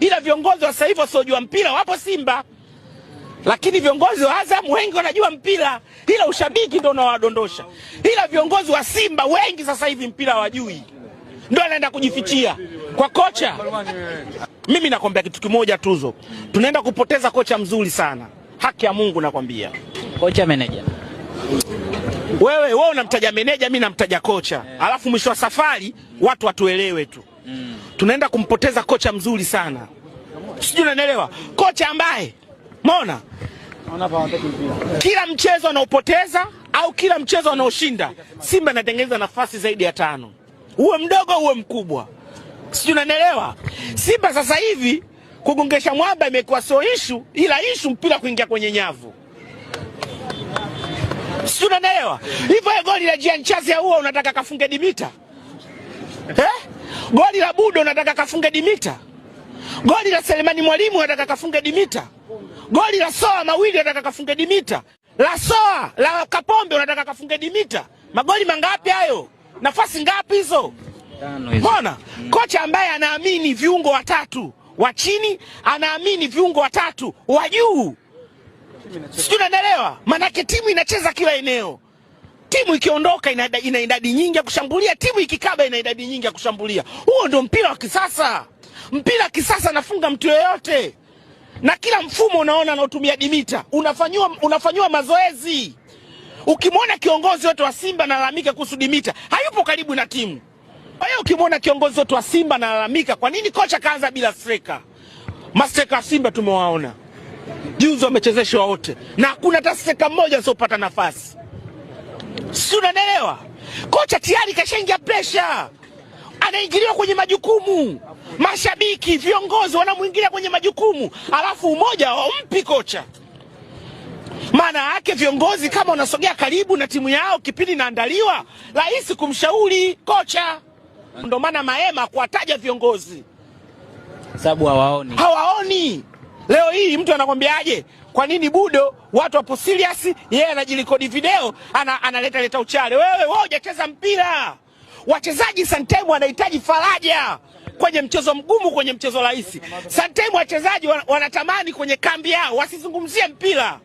bila viongozi wa sasa hivi wasiojua mpira wapo Simba, lakini viongozi wa Azam wengi wanajua mpira, ila ushabiki ndio unawadondosha. Ila viongozi wa Simba wengi sasa hivi mpira hawajui, ndio anaenda kujifichia kwa kocha. Mimi nakwambia kitu kimoja, tuzo tunaenda kupoteza kocha mzuri sana, haki ya Mungu nakwambia. Kocha meneja wewe, wewe unamtaja meneja, mimi namtaja kocha, alafu mwisho wa safari watu watuelewe tu mm. tunaenda kumpoteza kocha mzuri sana, sijui unanielewa, kocha ambaye mona kila mchezo anaopoteza au kila mchezo anaoshinda Simba anatengeneza nafasi zaidi ya tano, uwe mdogo uwe mkubwa, sijui unanielewa. Simba sasa hivi kugongesha mwamba imekuwa sio ishu, ila ishu mpira kuingia kwenye nyavu sijui unanielewa. Hivyo goli la Jean Charles huo unataka kafunge Dimita eh? Goli la Budo nataka kafunge Dimita. Goli la Selemani Mwalimu nataka kafunge Dimita. Goli la Soa mawili nataka kafunge Dimita. La Soa la Kapombe nataka kafunge Dimita. Magoli mangapi hayo? Nafasi ngapi hizo? Mbona mm. Kocha ambaye anaamini viungo watatu wa chini, anaamini viungo watatu wa juu, sijui unaelewa, manake timu inacheza kila eneo timu ikiondoka ina, ina idadi nyingi ya kushambulia, timu ikikaba ina idadi nyingi ya kushambulia. Huo ndio mpira wa kisasa. Mpira wa kisasa nafunga mtu yoyote, na kila mfumo unaona anaotumia Dimita unafanywa unafanywa mazoezi. Ukimwona kiongozi wote wa Simba nalalamika kuhusu Dimita, hayupo karibu na timu. Kwa hiyo ukimwona kiongozi wote wa Simba nalalamika, kwa nini kocha kaanza bila streka? Mastreka wa Simba tumewaona juzi, wamechezeshwa wote na hakuna hata streka mmoja asiopata nafasi si unanielewa? Kocha tayari kashaingia presha, anaingiliwa kwenye majukumu, mashabiki, viongozi wanamwingilia kwenye majukumu, alafu umoja wampi kocha. Maana yake viongozi kama wanasogea karibu na timu yao kipindi inaandaliwa, rahisi kumshauri kocha. Ndio maana Maema kuwataja viongozi sababu hawaoni, hawaoni Leo hii mtu anakwambiaje? Kwa nini Budo watu wapo serious? Yeye anajirekodi video ana, analeta leta uchale. Wewe wewe hujacheza mpira. Wachezaji sometimes wanahitaji faraja kwenye mchezo mgumu, kwenye mchezo rahisi. Sometimes wachezaji wanatamani kwenye kambi yao wasizungumzie mpira.